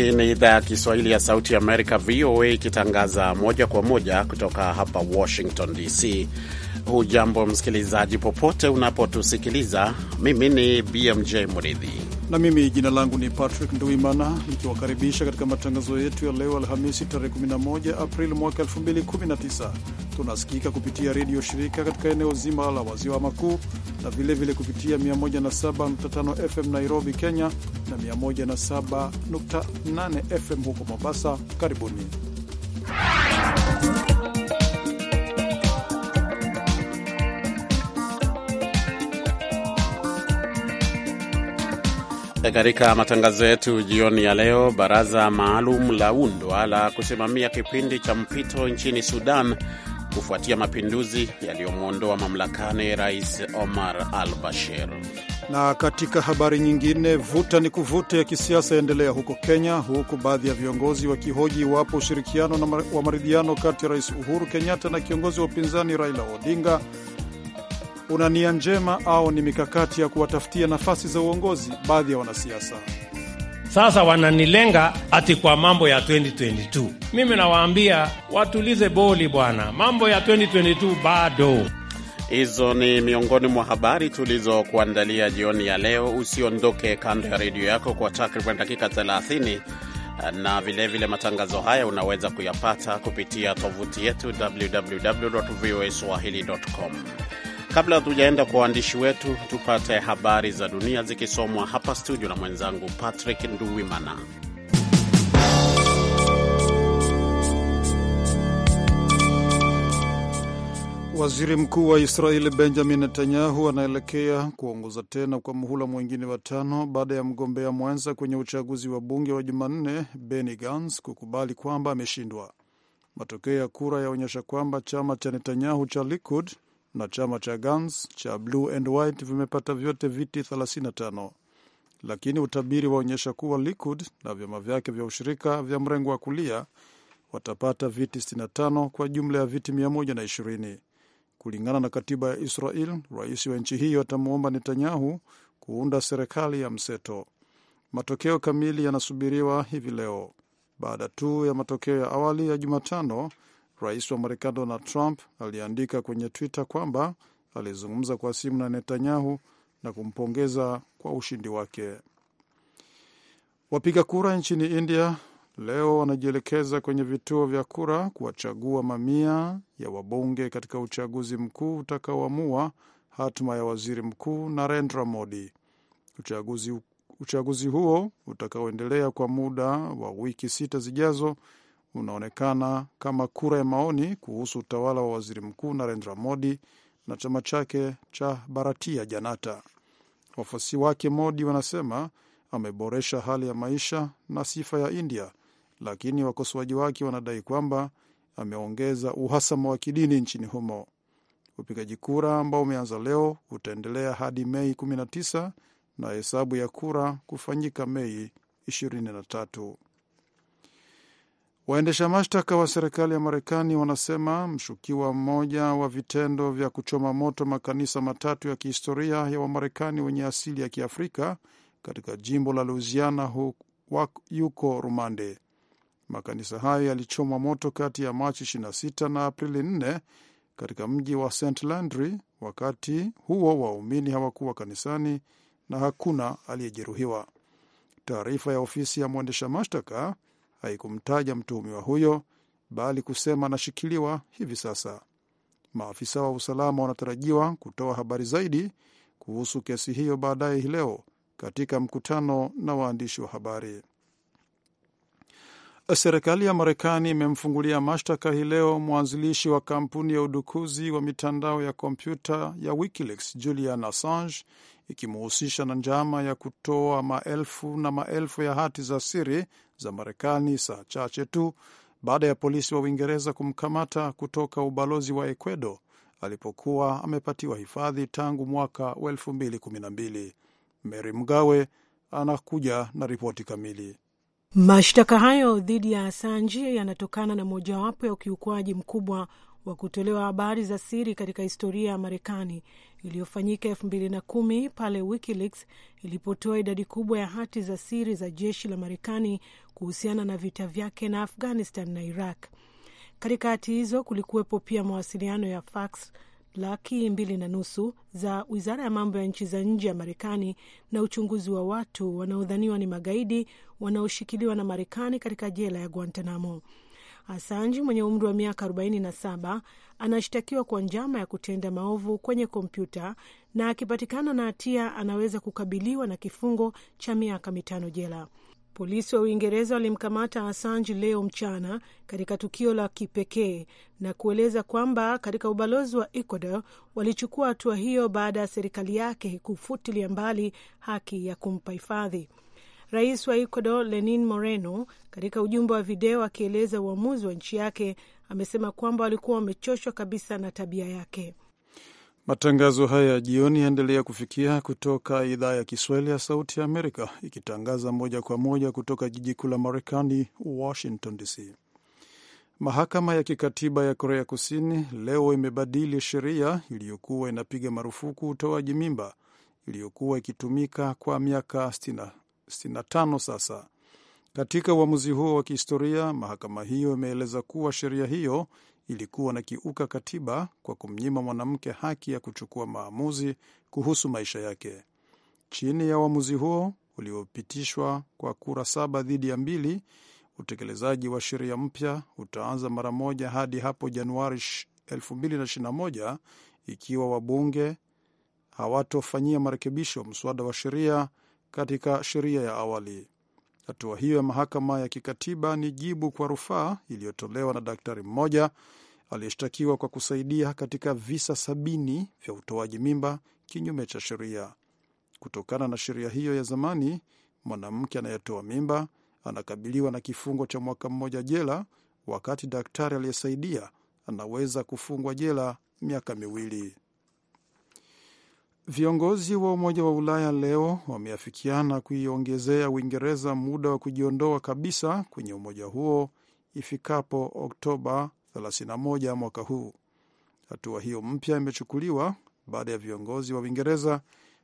Hii ni idhaa ya Kiswahili ya Sauti Amerika, VOA, ikitangaza moja kwa moja kutoka hapa Washington DC. Hujambo msikilizaji, popote unapotusikiliza. Mimi ni BMJ Muridhi na mimi jina langu ni Patrick Nduimana nikiwakaribisha katika matangazo yetu ya leo Alhamisi tarehe 11 Aprili mwaka 2019. Tunasikika kupitia redio shirika katika eneo zima la waziwa makuu na vilevile vile kupitia 107.5 FM Nairobi, Kenya na 107.8 FM huko Mombasa. Karibuni Katika matangazo yetu jioni ya leo, baraza maalum la undwa la kusimamia kipindi cha mpito nchini Sudan kufuatia mapinduzi yaliyomwondoa mamlakani Rais Omar al Bashir. Na katika habari nyingine, vuta ni kuvute ya kisiasa yaendelea huko Kenya, huku baadhi ya viongozi wakihoji iwapo ushirikiano wa maridhiano kati ya Rais Uhuru Kenyatta na kiongozi wa upinzani Raila Odinga una nia njema au ni mikakati ya kuwatafutia nafasi za uongozi baadhi ya wanasiasa? Sasa wananilenga ati kwa mambo ya 2022. Mimi nawaambia watulize boli bwana, mambo ya 2022 bado. Hizo ni miongoni mwa habari tulizokuandalia jioni ya leo. Usiondoke kando ya redio yako kwa takriban dakika 30, na vilevile vile matangazo haya unaweza kuyapata kupitia tovuti yetu www voa swahili.com. Kabla hatujaenda kwa waandishi wetu, tupate habari za dunia zikisomwa hapa studio na mwenzangu Patrick Nduwimana. Waziri mkuu wa Israeli Benjamin Netanyahu anaelekea kuongoza tena kwa muhula mwingine wa tano baada ya mgombea mwenza kwenye uchaguzi wa bunge wa Jumanne Benny Gantz kukubali kwamba ameshindwa. Matokeo ya kura yaonyesha kwamba chama cha Netanyahu cha Likud na chama cha Gans cha Blue and White vimepata vyote viti 35 lakini utabiri waonyesha kuwa Likud na vyama vyake vya ushirika vya mrengo wa kulia watapata viti 65 kwa jumla ya viti 120. Kulingana na katiba ya Israel, rais wa nchi hiyo atamwomba Netanyahu kuunda serikali ya mseto. Matokeo kamili yanasubiriwa hivi leo baada tu ya matokeo ya awali ya Jumatano Rais wa Marekani Donald Trump aliandika kwenye Twitter kwamba alizungumza kwa simu na Netanyahu na kumpongeza kwa ushindi wake. Wapiga kura nchini India leo wanajielekeza kwenye vituo vya kura kuwachagua mamia ya wabunge katika uchaguzi mkuu utakaoamua hatima ya waziri mkuu Narendra Modi. Uchaguzi, uchaguzi huo utakaoendelea kwa muda wa wiki sita zijazo unaonekana kama kura ya maoni kuhusu utawala wa waziri mkuu Narendra Modi na chama chake cha Bharatiya Janata. Wafuasi wake Modi wanasema ameboresha hali ya maisha na sifa ya India, lakini wakosoaji wake wanadai kwamba ameongeza uhasama wa kidini nchini humo. Upigaji kura ambao umeanza leo utaendelea hadi Mei 19 na hesabu ya kura kufanyika Mei 23. Waendesha mashtaka wa serikali ya Marekani wanasema mshukiwa mmoja wa vitendo vya kuchoma moto makanisa matatu ya kihistoria ya Wamarekani wenye asili ya Kiafrika katika jimbo la Louisiana yuko rumande. Makanisa hayo yalichomwa moto kati ya Machi 26 na Aprili 4 katika mji wa St Landry. Wakati huo waumini hawakuwa kanisani na hakuna aliyejeruhiwa. Taarifa ya ofisi ya mwendesha mashtaka haikumtaja mtuhumiwa huyo bali kusema anashikiliwa hivi sasa. Maafisa wa usalama wanatarajiwa kutoa habari zaidi kuhusu kesi hiyo baadaye hii leo katika mkutano na waandishi wa habari. Serikali ya Marekani imemfungulia mashtaka hii leo mwanzilishi wa kampuni ya udukuzi wa mitandao ya kompyuta ya WikiLeaks Julian Assange ikimuhusisha na njama ya kutoa maelfu na maelfu ya hati za siri za Marekani saa chache tu baada ya polisi wa Uingereza kumkamata kutoka ubalozi wa Ecuador alipokuwa amepatiwa hifadhi tangu mwaka wa 212 Mary Mgawe anakuja na ripoti kamili. Mashtaka hayo dhidi ya sanji yanatokana na mojawapo ya ukiukwaji mkubwa wa kutolewa habari za siri katika historia ya Marekani iliyofanyika elfu mbili na kumi pale WikiLeaks ilipotoa idadi kubwa ya hati za siri za jeshi la Marekani kuhusiana na vita vyake na Afghanistan na Iraq. Katika hati hizo kulikuwepo pia mawasiliano ya fax laki mbili na nusu za wizara ya mambo ya nchi za nje ya Marekani na uchunguzi wa watu wanaodhaniwa ni magaidi wanaoshikiliwa na Marekani katika jela ya Guantanamo. Assange mwenye umri wa miaka 47 anashtakiwa kwa njama ya kutenda maovu kwenye kompyuta na akipatikana na hatia anaweza kukabiliwa na kifungo cha miaka mitano jela. Polisi wa Uingereza walimkamata Assange leo mchana katika tukio la kipekee na kueleza kwamba katika ubalozi wa Ecuador walichukua hatua hiyo baada ya serikali yake kufutilia mbali haki ya kumpa hifadhi. Rais wa Ecuador Lenin Moreno, katika ujumbe wa video akieleza uamuzi wa nchi yake, amesema kwamba walikuwa wamechoshwa kabisa na tabia yake. Matangazo haya ya jioni yaendelea kufikia kutoka idhaa ya Kiswahili ya Sauti ya Amerika, ikitangaza moja kwa moja kutoka jiji kuu la Marekani, Washington DC. Mahakama ya kikatiba ya Korea Kusini leo imebadili sheria iliyokuwa inapiga marufuku utoaji mimba iliyokuwa ikitumika kwa miaka 65 sasa. Katika uamuzi huo wa kihistoria, mahakama hiyo imeeleza kuwa sheria hiyo ilikuwa na kiuka katiba kwa kumnyima mwanamke haki ya kuchukua maamuzi kuhusu maisha yake. Chini ya uamuzi huo uliopitishwa kwa kura saba dhidi ya mbili, utekelezaji wa sheria mpya utaanza mara moja hadi hapo Januari 2021 ikiwa wabunge hawatofanyia marekebisho mswada wa sheria katika sheria ya awali. Hatua hiyo ya mahakama ya kikatiba ni jibu kwa rufaa iliyotolewa na daktari mmoja aliyeshtakiwa kwa kusaidia katika visa sabini vya utoaji mimba kinyume cha sheria. Kutokana na sheria hiyo ya zamani, mwanamke anayetoa mimba anakabiliwa na kifungo cha mwaka mmoja jela, wakati daktari aliyesaidia anaweza kufungwa jela miaka miwili. Viongozi wa Umoja wa Ulaya leo wameafikiana kuiongezea Uingereza muda wa kujiondoa kabisa kwenye umoja huo ifikapo Oktoba 31 mwaka huu. Hatua hiyo mpya imechukuliwa baada ya viongozi wa Uingereza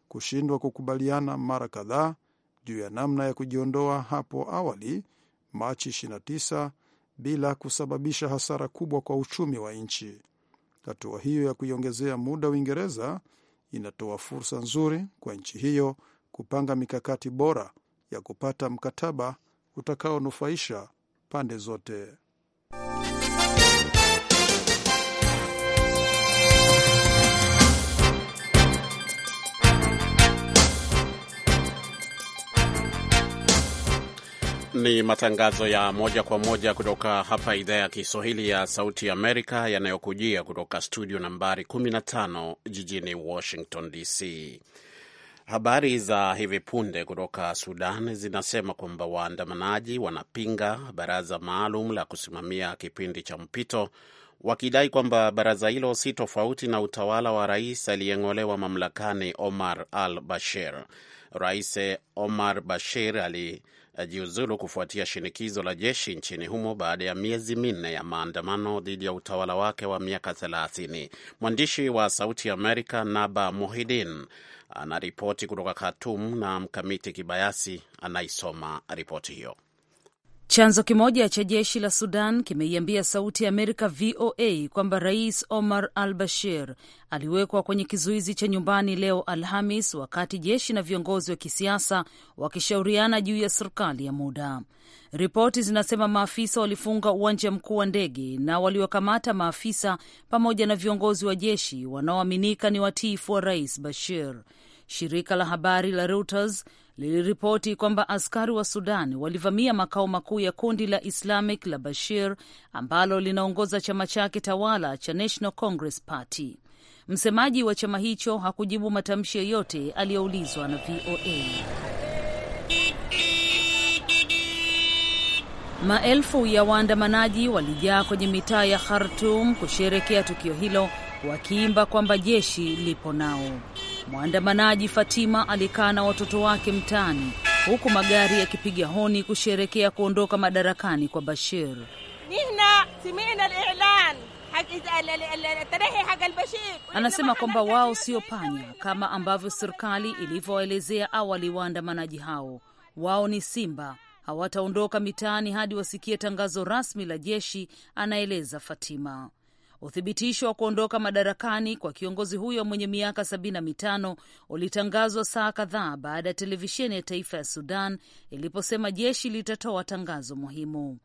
kushindwa kukubaliana mara kadhaa juu ya namna ya kujiondoa hapo awali Machi 29 bila kusababisha hasara kubwa kwa uchumi wa nchi. Hatua hiyo ya kuiongezea muda Uingereza inatoa fursa nzuri kwa nchi hiyo kupanga mikakati bora ya kupata mkataba utakaonufaisha pande zote. Ni matangazo ya moja kwa moja kutoka hapa idhaa ya Kiswahili ya Sauti Amerika yanayokujia kutoka studio nambari 15 jijini Washington DC. Habari za hivi punde kutoka Sudan zinasema kwamba waandamanaji wanapinga baraza maalum la kusimamia kipindi cha mpito wakidai kwamba baraza hilo si tofauti na utawala wa rais aliyeng'olewa mamlakani Omar al Bashir. Rais Omar Bashir ali ajiuzulu kufuatia shinikizo la jeshi nchini humo baada ya miezi minne ya maandamano dhidi ya utawala wake wa miaka 30. Mwandishi wa Sauti Amerika Naba Muhidin anaripoti kutoka Khartoum na Mkamiti Kibayasi anaisoma ripoti hiyo. Chanzo kimoja cha jeshi la Sudan kimeiambia Sauti ya Amerika VOA kwamba Rais Omar al Bashir aliwekwa kwenye kizuizi cha nyumbani leo Alhamis, wakati jeshi na viongozi wa kisiasa wakishauriana juu ya serikali ya muda. Ripoti zinasema maafisa walifunga uwanja mkuu wa ndege na waliwakamata maafisa pamoja na viongozi wa jeshi wanaoaminika ni watiifu wa Rais Bashir. Shirika la habari la Reuters liliripoti kwamba askari wa Sudan walivamia makao makuu ya kundi la Islamic la Bashir ambalo linaongoza chama chake tawala cha National Congress Party. Msemaji wa chama hicho hakujibu matamshi yoyote aliyoulizwa na VOA. Maelfu ya waandamanaji walijaa kwenye mitaa ya khartum kusherekea tukio hilo wakiimba kwamba jeshi lipo nao. Mwandamanaji Fatima alikaa na watoto wake mtaani huku magari yakipiga honi kusherekea kuondoka madarakani kwa Bashir. Anasema kwamba wao sio panya kama ambavyo serikali ilivyowaelezea awali waandamanaji hao. Wao ni simba, hawataondoka mitaani hadi wasikie tangazo rasmi la jeshi, anaeleza Fatima. Uthibitisho wa kuondoka madarakani kwa kiongozi huyo mwenye miaka 75 ulitangazwa saa kadhaa baada ya televisheni ya taifa ya Sudan iliposema jeshi litatoa tangazo muhimu.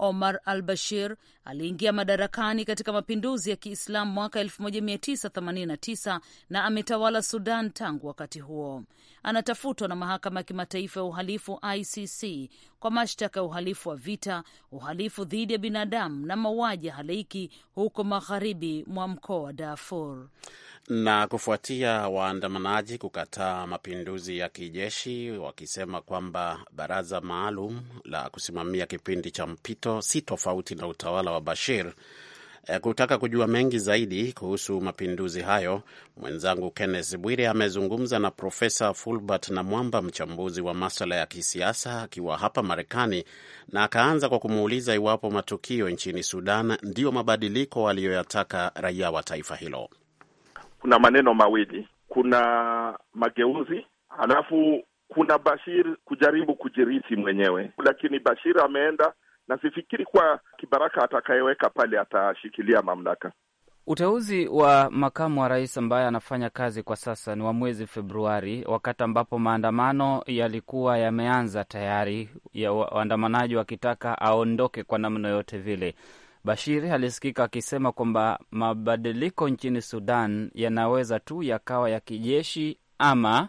Omar al Bashir aliingia madarakani katika mapinduzi ya Kiislamu mwaka 1989 na ametawala Sudan tangu wakati huo. Anatafutwa na mahakama ya kimataifa ya uhalifu ICC kwa mashtaka ya uhalifu wa vita, uhalifu dhidi ya binadamu na mauaji ya halaiki huko magharibi mwa mkoa wa Darfur. Na kufuatia waandamanaji kukataa mapinduzi ya kijeshi wakisema kwamba baraza maalum la kusimamia kipindi cha mpito si tofauti na utawala wa Bashir. E, kutaka kujua mengi zaidi kuhusu mapinduzi hayo, mwenzangu Kenneth Bwire amezungumza na Profesa Fulbert na Mwamba, mchambuzi wa maswala ya kisiasa akiwa hapa Marekani, na akaanza kwa kumuuliza iwapo matukio nchini Sudan ndiyo mabadiliko aliyoyataka raia wa taifa hilo kuna maneno mawili, kuna mageuzi halafu kuna Bashir kujaribu kujiriti mwenyewe, lakini Bashir ameenda na sifikiri kwa kibaraka atakayeweka pale atashikilia mamlaka. Uteuzi wa makamu wa rais ambaye anafanya kazi kwa sasa ni wa mwezi Februari, wakati ambapo maandamano yalikuwa yameanza tayari, ya waandamanaji wakitaka aondoke kwa namna yote vile. Bashir alisikika akisema kwamba mabadiliko nchini Sudan yanaweza tu yakawa ya kijeshi ama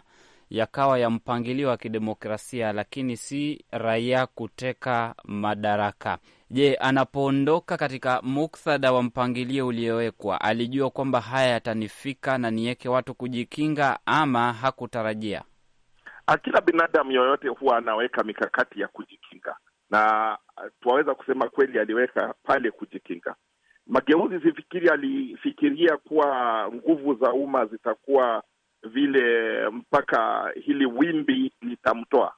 yakawa ya mpangilio wa kidemokrasia, lakini si raia kuteka madaraka. Je, anapoondoka katika muktadha wa mpangilio uliowekwa, alijua kwamba haya yatanifika na niweke watu kujikinga, ama hakutarajia? Kila binadamu yoyote huwa anaweka mikakati ya kujikinga, na Ah, tuaweza kusema kweli aliweka pale kujikinga. Mageuzi zifikiri alifikiria kuwa nguvu za umma zitakuwa vile mpaka hili wimbi litamtoa,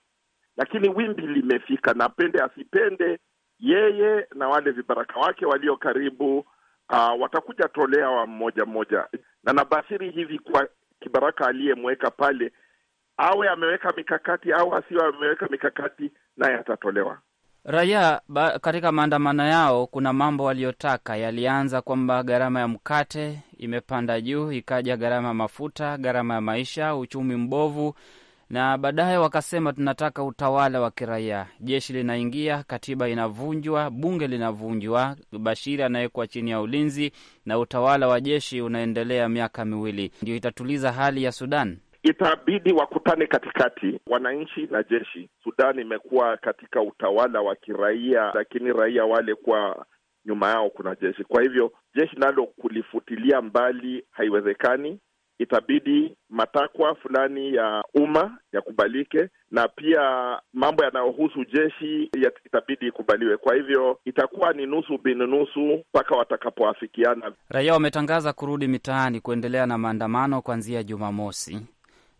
lakini wimbi limefika, na pende asipende, yeye na wale vibaraka wake walio karibu uh, watakuja tolea wa mmoja mmoja, na nabashiri hivi kuwa kibaraka aliyemweka pale awe ameweka mikakati au asiwe ameweka mikakati, naye atatolewa. Raia katika maandamano yao, kuna mambo waliyotaka. Yalianza kwamba gharama ya mkate imepanda juu, ikaja gharama ya mafuta, gharama ya maisha, uchumi mbovu, na baadaye wakasema tunataka utawala wa kiraia. Jeshi linaingia, katiba inavunjwa, bunge linavunjwa, Bashiri anawekwa chini ya ulinzi na utawala wa jeshi unaendelea miaka miwili. Ndio itatuliza hali ya Sudan? itabidi wakutane katikati, wananchi na jeshi. Sudan imekuwa katika utawala wa kiraia, lakini raia wale kwa nyuma yao kuna jeshi. Kwa hivyo jeshi nalo kulifutilia mbali haiwezekani. Itabidi matakwa fulani ya umma yakubalike, na pia mambo yanayohusu jeshi ya itabidi ikubaliwe. Kwa hivyo itakuwa ni nusu bini nusu mpaka watakapoafikiana. Raia wametangaza kurudi mitaani kuendelea na maandamano kuanzia Jumamosi.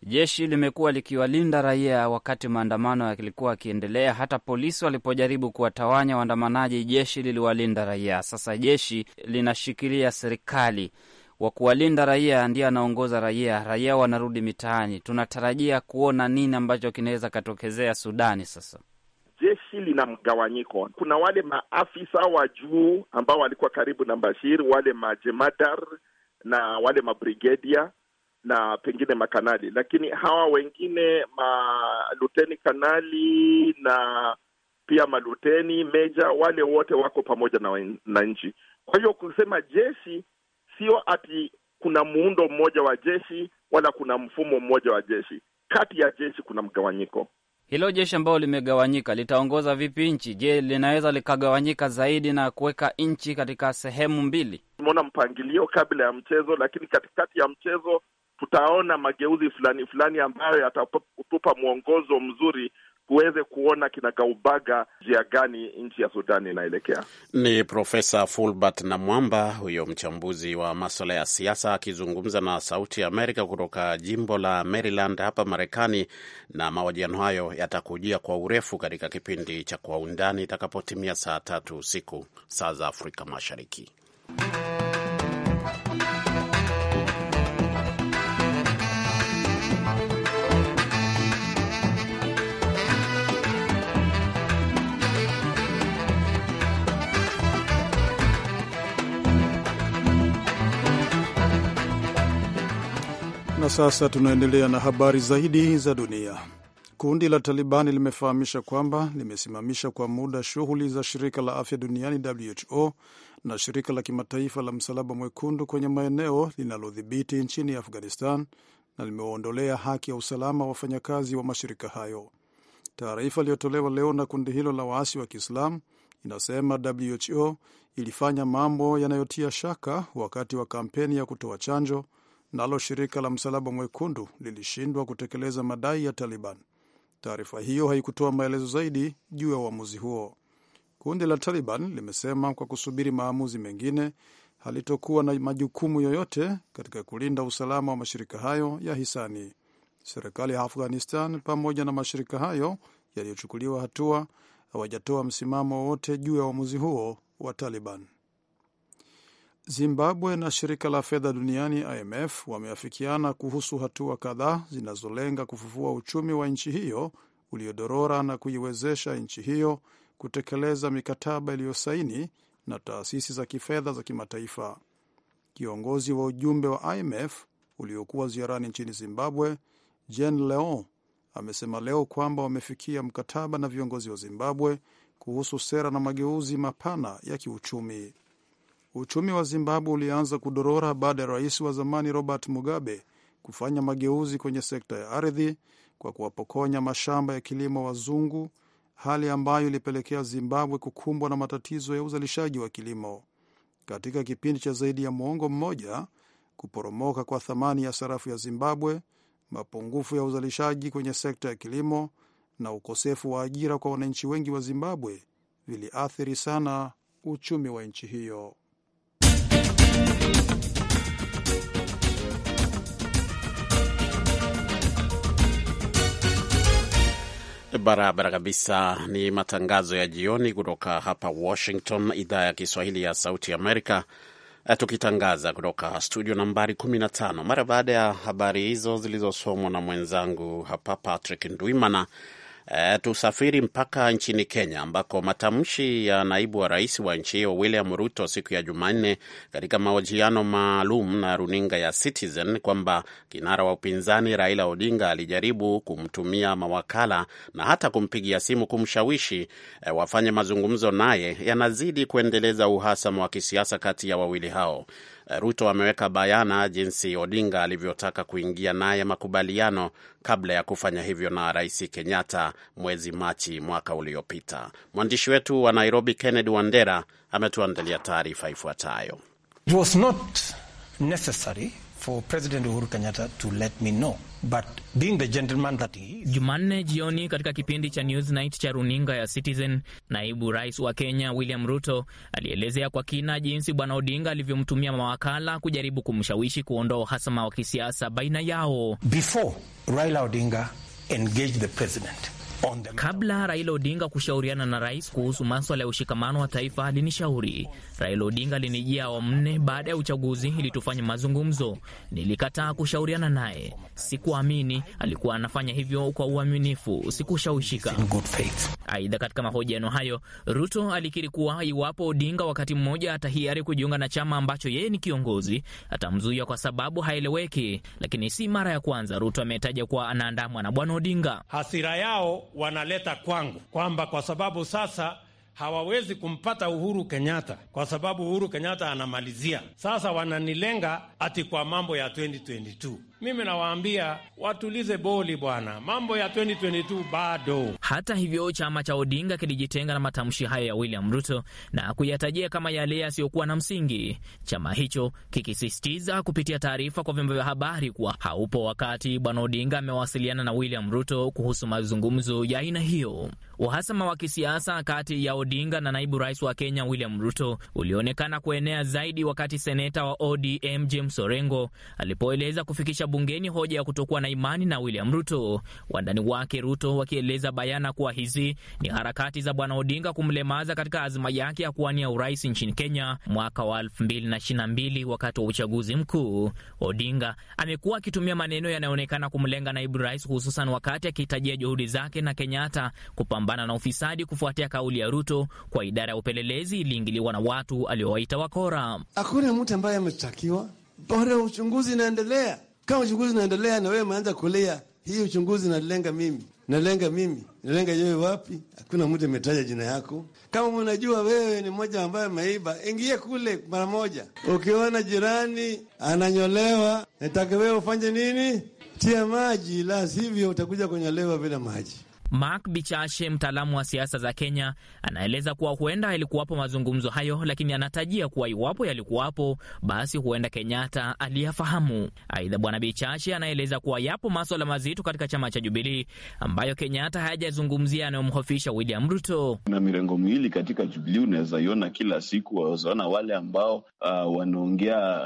Jeshi limekuwa likiwalinda raia wakati maandamano yalikuwa yakiendelea. Hata polisi walipojaribu kuwatawanya waandamanaji, jeshi liliwalinda raia. Sasa jeshi linashikilia serikali wa kuwalinda raia, ndiye anaongoza raia, raia wanarudi mitaani. Tunatarajia kuona nini ambacho kinaweza katokezea Sudani sasa. Jeshi lina mgawanyiko. Kuna wale maafisa wa juu ambao walikuwa karibu na Bashir, wale majemadar na wale mabrigedia na pengine makanali, lakini hawa wengine maluteni kanali na pia maluteni meja, wale wote wako pamoja na, na nchi. Kwa hiyo kusema jeshi sio ati kuna muundo mmoja wa jeshi wala kuna mfumo mmoja wa jeshi. Kati ya jeshi kuna mgawanyiko. Hilo jeshi ambalo limegawanyika litaongoza vipi nchi? Je, linaweza likagawanyika zaidi na kuweka nchi katika sehemu mbili? Tumeona mpangilio kabla ya mchezo, lakini katikati ya mchezo tutaona mageuzi fulani fulani ambayo yatatupa mwongozo mzuri tuweze kuona kinagaubaga njia gani nchi ya Sudani inaelekea. Ni Profesa Fulbert Namwamba huyo mchambuzi wa maswala ya siasa akizungumza na Sauti ya Amerika kutoka jimbo la Maryland hapa Marekani. Na mahojiano hayo yatakujia kwa urefu katika kipindi cha Kwa Undani itakapotimia saa tatu usiku saa za Afrika Mashariki. Na sasa tunaendelea na habari zaidi za dunia. Kundi la Talibani limefahamisha kwamba limesimamisha kwa muda shughuli za shirika la afya duniani WHO na shirika la kimataifa la Msalaba Mwekundu kwenye maeneo linalodhibiti nchini Afghanistan na limewaondolea haki ya usalama wafanyakazi wa mashirika hayo. Taarifa iliyotolewa leo na kundi hilo la waasi wa Kiislamu inasema WHO ilifanya mambo yanayotia shaka wakati wa kampeni ya kutoa chanjo nalo shirika la Msalaba Mwekundu lilishindwa kutekeleza madai ya Taliban. Taarifa hiyo haikutoa maelezo zaidi juu ya uamuzi huo. Kundi la Taliban limesema kwa kusubiri maamuzi mengine halitokuwa na majukumu yoyote katika kulinda usalama wa mashirika hayo ya hisani. Serikali ya Afghanistan pamoja na mashirika hayo yaliyochukuliwa hatua hawajatoa msimamo wowote juu ya uamuzi huo wa Taliban. Zimbabwe na shirika la fedha duniani IMF wameafikiana kuhusu hatua kadhaa zinazolenga kufufua uchumi wa nchi hiyo uliodorora na kuiwezesha nchi hiyo kutekeleza mikataba iliyosaini na taasisi za kifedha za kimataifa. Kiongozi wa ujumbe wa IMF uliokuwa ziarani nchini Zimbabwe, Jen Leon, amesema leo kwamba wamefikia mkataba na viongozi wa Zimbabwe kuhusu sera na mageuzi mapana ya kiuchumi. Uchumi wa Zimbabwe ulianza kudorora baada ya rais wa zamani Robert Mugabe kufanya mageuzi kwenye sekta ya ardhi kwa kuwapokonya mashamba ya kilimo wazungu, hali ambayo ilipelekea Zimbabwe kukumbwa na matatizo ya uzalishaji wa kilimo katika kipindi cha zaidi ya mwongo mmoja. Kuporomoka kwa thamani ya sarafu ya Zimbabwe, mapungufu ya uzalishaji kwenye sekta ya kilimo na ukosefu wa ajira kwa wananchi wengi wa Zimbabwe viliathiri sana uchumi wa nchi hiyo. Barabara kabisa. Ni matangazo ya jioni kutoka hapa Washington, idhaa ya Kiswahili ya Sauti Amerika, eh, tukitangaza kutoka studio nambari 15 mara baada ya habari hizo zilizosomwa na mwenzangu hapa Patrick Ndwimana. E, tusafiri mpaka nchini Kenya ambako matamshi ya naibu wa rais wa nchi hiyo William Ruto siku ya Jumanne katika mahojiano maalum na runinga ya Citizen kwamba kinara wa upinzani Raila Odinga alijaribu kumtumia mawakala na hata kumpigia simu kumshawishi e, wafanye mazungumzo naye yanazidi kuendeleza uhasama wa kisiasa kati ya wawili hao. Eh, Ruto ameweka bayana jinsi Odinga alivyotaka kuingia naye makubaliano kabla ya kufanya hivyo na Rais Kenyatta mwezi Machi mwaka uliopita. Mwandishi wetu wa Nairobi Kennedy Wandera ametuandalia taarifa ifuatayo. It was not necessary Jumanne jioni katika kipindi cha Newsnight cha runinga ya Citizen, naibu rais wa Kenya William Ruto alielezea kwa kina jinsi bwana Odinga alivyomtumia mawakala kujaribu kumshawishi kuondoa uhasama wa kisiasa baina yao. Before Raila Odinga engaged the president Kabla Raila Odinga kushauriana na rais kuhusu maswala ya ushikamano wa taifa, alinishauri. Raila Odinga alinijia awamu nne baada ya uchaguzi ili tufanye mazungumzo. Nilikataa kushauriana naye, sikuamini alikuwa anafanya hivyo kwa uaminifu, sikushawishika. Aidha, katika mahojiano hayo, Ruto alikiri kuwa iwapo Odinga wakati mmoja atahiari kujiunga na chama ambacho yeye ni kiongozi, atamzuia kwa sababu haeleweki. Lakini si mara ya kwanza Ruto ametaja kuwa anaandamwa na bwana Odinga. Hasira yao wanaleta kwangu kwamba kwa sababu sasa hawawezi kumpata Uhuru Kenyatta kwa sababu Uhuru Kenyatta anamalizia. Sasa wananilenga ati kwa mambo ya 2022 mimi nawaambia watulize boli bwana, mambo ya 2022 bado. Hata hivyo, chama cha Odinga kilijitenga na matamshi hayo ya William Ruto na kuyatajia kama yale yasiyokuwa na msingi, chama hicho kikisisitiza kupitia taarifa kwa vyombo vya habari kuwa haupo wakati bwana Odinga amewasiliana na William Ruto kuhusu mazungumzo ya aina hiyo. Uhasama wa kisiasa kati ya Odinga na naibu rais wa Kenya William Ruto ulionekana kuenea zaidi wakati seneta wa ODM James Orengo alipoeleza kufikisha bungeni hoja ya kutokuwa na imani na William Ruto, wandani wake Ruto wakieleza bayana kuwa hizi ni harakati za Bwana Odinga kumlemaza katika azma yake ya kuwania urais nchini Kenya mwaka wa 2022 wakati wa uchaguzi mkuu. Odinga amekuwa akitumia maneno yanayoonekana kumlenga naibu rais, hususan wakati akihitajia juhudi zake na Kenyatta kupambana na ufisadi kufuatia kauli ya Ruto kwa idara ya upelelezi iliingiliwa na watu aliowaita wakora. Hakuna mtu ambaye ameshtakiwa, bado uchunguzi inaendelea. Kama uchunguzi unaendelea na wewe umeanza kulia, hii uchunguzi nalenga mimi, nalenga mimi, nalenga yewe wapi? Hakuna mtu ametaja jina yako. Kama unajua wewe ni mmoja ambaye ameiba, ingie kule mara moja. Ukiona jirani ananyolewa, nataka wewe ufanye nini? Tia maji, la sivyo utakuja kunyolewa bila maji. Mark Bichashe, mtaalamu wa siasa za Kenya, anaeleza kuwa huenda yalikuwapo mazungumzo hayo, lakini anatajia kuwa iwapo yalikuwapo, basi huenda Kenyatta aliyafahamu. Aidha, Bwana Bichashe anaeleza kuwa yapo maswala mazito katika chama cha Jubilii ambayo Kenyatta hayajazungumzia yanayomhofisha William Ruto. Kuna mirengo miwili katika Jubilii, unaweza iona kila siku, wawezaona wale ambao uh, wanaongea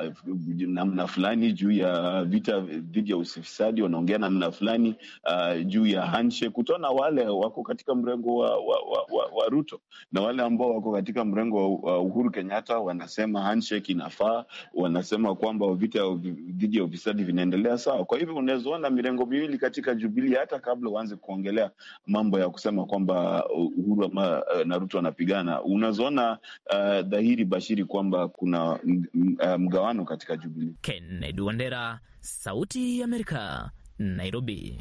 namna fulani juu ya vita dhidi ya usifisadi wanaongea namna fulani uh, juu ya handshake, kutona wale wako katika mrengo wa, wa, wa, wa, wa Ruto na wale ambao wako katika mrengo wa Uhuru Kenyatta wanasema handshake inafaa, wanasema kwamba vita dhidi ya ufisadi vinaendelea sawa. Kwa hivyo unaweza ona mirengo miwili katika jubili hata kabla uanze kuongelea mambo ya kusema kwamba Uhuru ama eh, na Ruto wanapigana. Unazoona uh, eh, dhahiri bashiri kwamba kuna mm, mm, eh, mgawano katika jubili Kennedy Wandera, Sauti ya Amerika, Nairobi.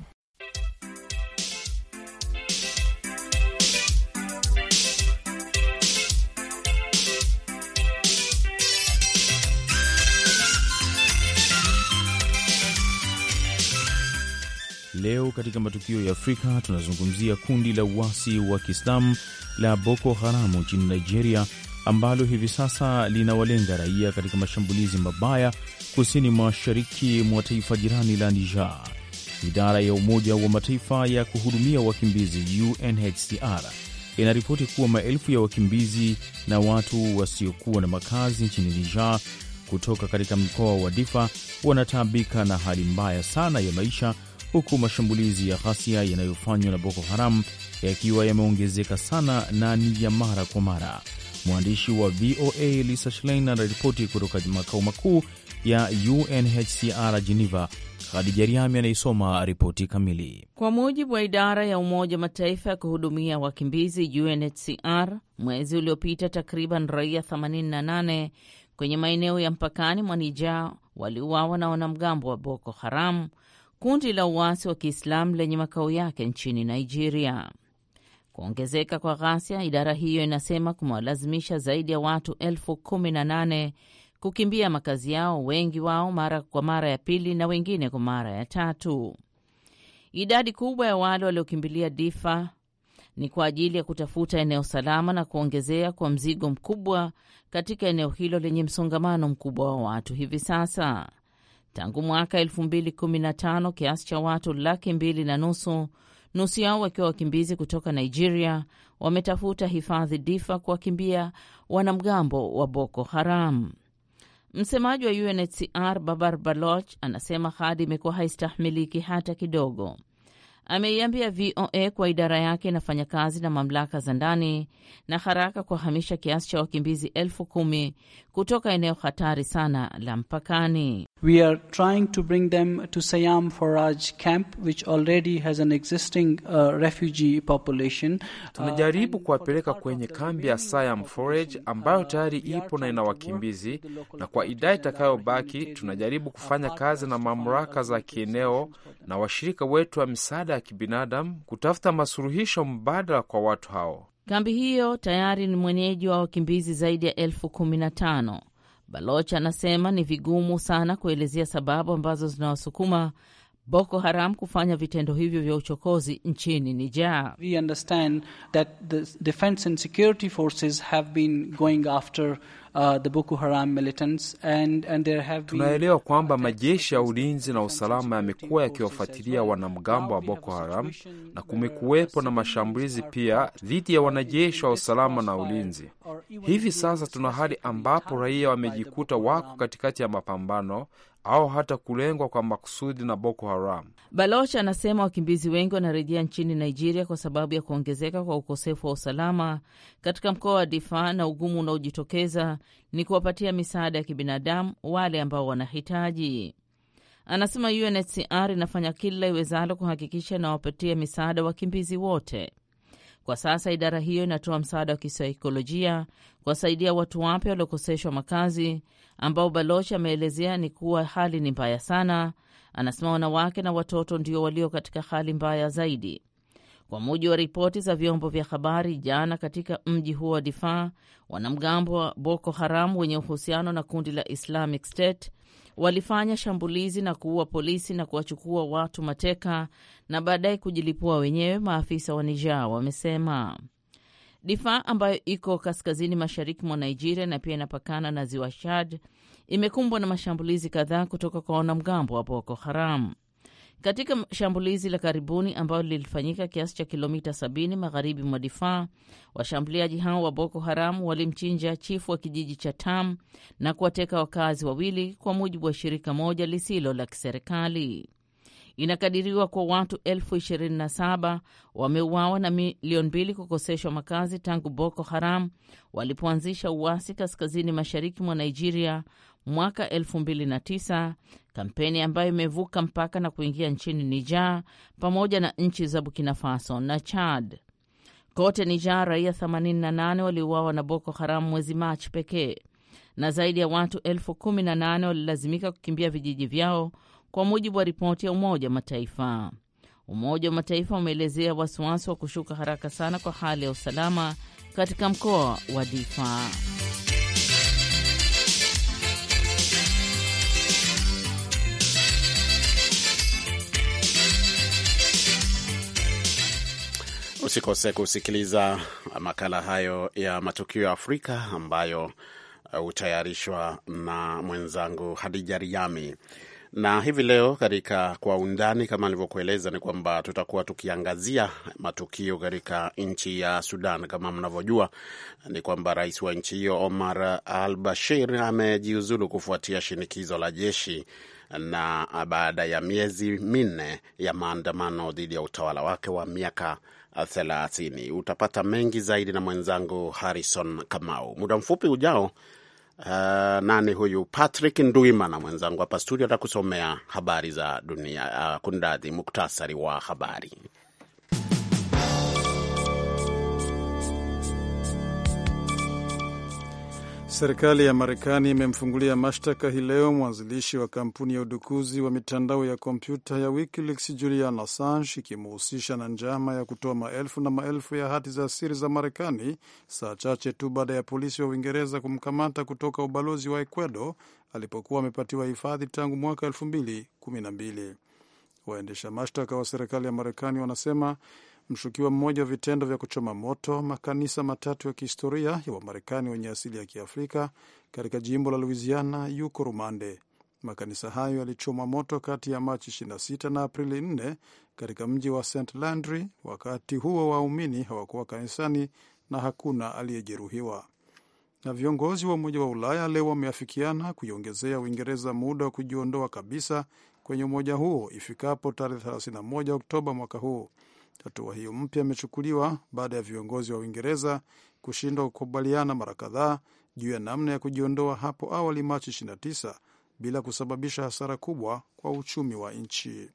Leo katika matukio ya Afrika tunazungumzia kundi la uasi wa Kiislamu la Boko Haramu nchini Nigeria ambalo hivi sasa linawalenga raia katika mashambulizi mabaya kusini mashariki mwa taifa jirani la Niger. Idara ya Umoja wa Mataifa ya kuhudumia wakimbizi UNHCR inaripoti kuwa maelfu ya wakimbizi na watu wasiokuwa na makazi nchini Niger kutoka katika mkoa wa Difa wanataabika na hali mbaya sana ya maisha huku mashambulizi ya ghasia yanayofanywa na Boko Haram yakiwa yameongezeka sana na ni ya mara kwa mara. Mwandishi wa VOA Lisa Schlein anaripoti kutoka makao makuu ya UNHCR Geneva. Khadija Riami anaisoma ripoti kamili. Kwa mujibu wa idara ya Umoja Mataifa ya kuhudumia wakimbizi UNHCR, mwezi uliopita takriban raia 88 kwenye maeneo ya mpakani mwa Nijaa waliuawa na wanamgambo wa Boko Haram kundi la uasi wa Kiislamu lenye makao yake nchini Nigeria. Kuongezeka kwa ghasia, idara hiyo inasema kumewalazimisha zaidi ya watu elfu kumi na nane kukimbia makazi yao, wengi wao mara kwa mara ya pili na wengine kwa mara ya tatu. Idadi kubwa ya wale waliokimbilia Difa ni kwa ajili ya kutafuta eneo salama na kuongezea kwa mzigo mkubwa katika eneo hilo lenye msongamano mkubwa wa watu hivi sasa. Tangu mwaka 2015 kiasi cha watu laki mbili na nusu, nusu yao wakiwa wakimbizi kutoka Nigeria, wametafuta hifadhi Difa kuwakimbia wanamgambo wa Boko Haram. Msemaji wa UNHCR Babar Baloch anasema hadi imekuwa haistahimiliki hata kidogo. Ameiambia VOA kwa idara yake inafanya kazi na mamlaka za ndani na haraka kuwahamisha kiasi cha wakimbizi elfu kumi kutoka eneo hatari sana la mpakani. We are trying to bring them to Sayam Faraj camp which already has an existing uh, refugee population. Uh, tunajaribu kuwapeleka kwenye kambi ya Sayam Forage ambayo uh, tayari ipo na ina wakimbizi, na kwa idadi itakayobaki tunajaribu uh, kufanya kazi na mamlaka za kieneo na washirika wetu wa misaada ya kibinadamu kutafuta masuluhisho mbadala kwa watu hao. Kambi hiyo tayari ni mwenyeji wa wakimbizi zaidi ya elfu kumi na tano. Baloch anasema ni vigumu sana kuelezea sababu ambazo zinawasukuma Boko Haram kufanya vitendo hivyo vya uchokozi nchini Niger. Uh, and, and been... Tunaelewa kwamba majeshi ya ulinzi na usalama yamekuwa yakiwafuatilia wanamgambo wa Boko Haram na kumekuwepo na mashambulizi pia dhidi ya wanajeshi wa usalama na ulinzi. Hivi sasa tuna hali ambapo raia wamejikuta wako katikati ya mapambano au hata kulengwa kwa makusudi na Boko Haram. Baloch anasema wakimbizi wengi wanarejea nchini Nigeria kwa sababu ya kuongezeka kwa ukosefu wa usalama katika mkoa wa Difa, na ugumu unaojitokeza ni kuwapatia misaada ya kibinadamu wale ambao wanahitaji. Anasema UNHCR inafanya kila iwezalo kuhakikisha inawapatia misaada wakimbizi wote. Kwa sasa idara hiyo inatoa msaada wa kisaikolojia kuwasaidia watu wapya waliokoseshwa makazi, ambao Baloch ameelezea ni kuwa hali ni mbaya sana. Anasema wanawake na watoto ndio walio katika hali mbaya zaidi. Kwa mujibu wa ripoti za vyombo vya habari jana, katika mji huo wa Difaa, wanamgambo wa Boko Haram wenye uhusiano na kundi la Islamic State walifanya shambulizi na kuua polisi na kuwachukua watu mateka na baadaye kujilipua wenyewe, maafisa wa Niger wamesema. Difa ambayo iko kaskazini mashariki mwa Nigeria na pia inapakana na ziwa Chad imekumbwa na mashambulizi kadhaa kutoka kwa wanamgambo wa Boko Haram. Katika shambulizi la karibuni ambalo lilifanyika kiasi cha kilomita 70 magharibi mwa Difaa, washambuliaji hao wa Boko Haram walimchinja chifu wa kijiji cha Tam na kuwateka wakazi wawili, kwa mujibu wa shirika moja lisilo la kiserikali. Inakadiriwa kwa watu elfu 27 wameuawa na milioni mbili kukoseshwa makazi tangu Boko Haram walipoanzisha uasi kaskazini mashariki mwa Nigeria mwaka 2009, kampeni ambayo imevuka mpaka na kuingia nchini nijaa pamoja na nchi za Burkina Faso na Chad. Kote nijaa raia 88 waliuawa na Boko Haram mwezi Machi pekee na zaidi ya watu 18 walilazimika kukimbia vijiji vyao kwa mujibu wa ripoti ya Umoja wa Mataifa. Umoja wa Mataifa umeelezea wasiwasi wa kushuka haraka sana kwa hali ya usalama katika mkoa wa Difa. Usikose kusikiliza makala hayo ya matukio ya Afrika ambayo uh, hutayarishwa na mwenzangu Hadija Riami. Na hivi leo katika Kwa Undani, kama alivyokueleza, ni kwamba tutakuwa tukiangazia matukio katika nchi ya Sudan. Kama mnavyojua, ni kwamba rais wa nchi hiyo Omar al Bashir amejiuzulu kufuatia shinikizo la jeshi na baada ya miezi minne ya maandamano dhidi ya utawala wake wa miaka thelathini. Utapata mengi zaidi na mwenzangu Harrison Kamau muda mfupi ujao. Uh, nani huyu Patrick Nduima na mwenzangu hapa studio atakusomea habari za dunia. Uh, kundadhi muktasari wa habari. Serikali ya Marekani imemfungulia mashtaka hii leo mwanzilishi wa kampuni ya udukuzi wa mitandao ya kompyuta ya WikiLeaks Julian Assange, ikimhusisha na njama ya kutoa maelfu na maelfu ya hati za siri za Marekani, saa chache tu baada ya polisi wa Uingereza kumkamata kutoka ubalozi wa Ecuador alipokuwa amepatiwa hifadhi tangu mwaka 2012. Waendesha mashtaka wa serikali ya Marekani wanasema mshukiwa mmoja wa vitendo vya kuchoma moto makanisa matatu ya kihistoria ya Wamarekani wenye asili ya Kiafrika katika jimbo la Louisiana yuko rumande. Makanisa hayo yalichomwa moto kati ya Machi 26 na Aprili 4 katika mji wa St Landry. Wakati huo waumini hawakuwa kanisani na hakuna aliyejeruhiwa. Na viongozi wa Umoja wa Ulaya leo wameafikiana kuiongezea Uingereza muda wa kujiondoa kabisa kwenye umoja huo ifikapo tarehe 31 Oktoba mwaka huu. Hatua hiyo mpya imechukuliwa baada ya viongozi wa Uingereza kushindwa kukubaliana mara kadhaa juu ya namna ya kujiondoa hapo awali Machi 29 bila kusababisha hasara kubwa kwa uchumi wa nchi.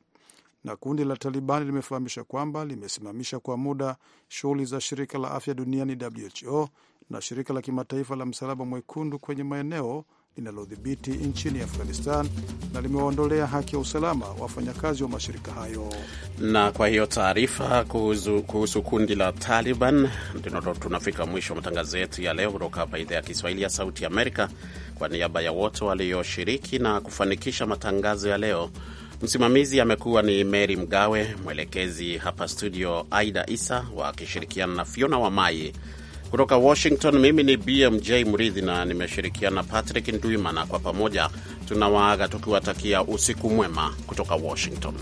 Na kundi la Talibani limefahamisha kwamba limesimamisha kwa muda shughuli za shirika la afya duniani WHO na shirika la kimataifa la msalaba mwekundu kwenye maeneo linalodhibiti nchini Afghanistan na limewaondolea haki ya usalama wafanyakazi wa mashirika hayo. Na kwa hiyo taarifa kuhusu, kuhusu kundi la Taliban ndilo tunafika mwisho wa matangazo yetu ya leo kutoka hapa idhaa ya Kiswahili ya Sauti Amerika. Kwa niaba ya wote walioshiriki na kufanikisha matangazo ya leo, msimamizi amekuwa ni Mary Mgawe, mwelekezi hapa studio Aida Isa wakishirikiana na Fiona Wamai. Kutoka Washington, mimi ni BMJ Mridhi na nimeshirikiana Patrick Ndwimana. Kwa pamoja tunawaaga tukiwatakia usiku mwema kutoka Washington.